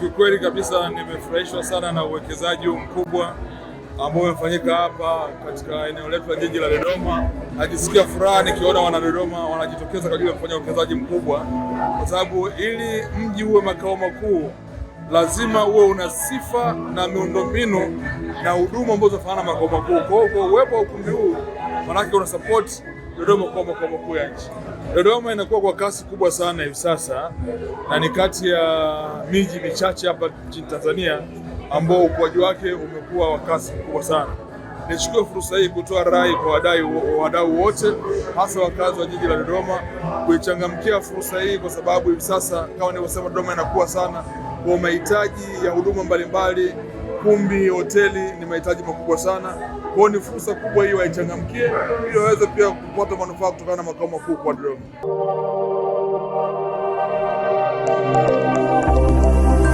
Kiukweli kabisa nimefurahishwa sana na uwekezaji huu mkubwa ambao umefanyika hapa katika eneo letu la jiji la Dodoma. Najisikia furaha nikiona wana dodoma wanajitokeza kwa ajili ya kufanya uwekezaji mkubwa, kwa sababu ili mji uwe makao makuu lazima uwe una sifa na miundombinu na huduma ambazo zinafanana makao makuu. Kwa hiyo uwepo wa ukumbi huu manake una support Dodoma kuwa makao makuu ya nchi. Dodoma inakuwa kwa kasi kubwa sana hivi sasa na ni kati ya miji michache hapa nchini Tanzania ambao ukuaji wake umekuwa wa kasi kubwa sana. Nichukue fursa hii kutoa rai kwa wadau wote, hasa wakazi wa jiji la Dodoma, kuichangamkia fursa hii, kwa sababu hivi sasa kama nilivyosema, Dodoma inakuwa sana kwa mahitaji ya huduma mbalimbali ukumbi, hoteli ni mahitaji makubwa sana. Kwa hiyo ni fursa kubwa hii, waichangamkie ili waweze pia kupata manufaa kutokana na makao makuu Quadrilateral.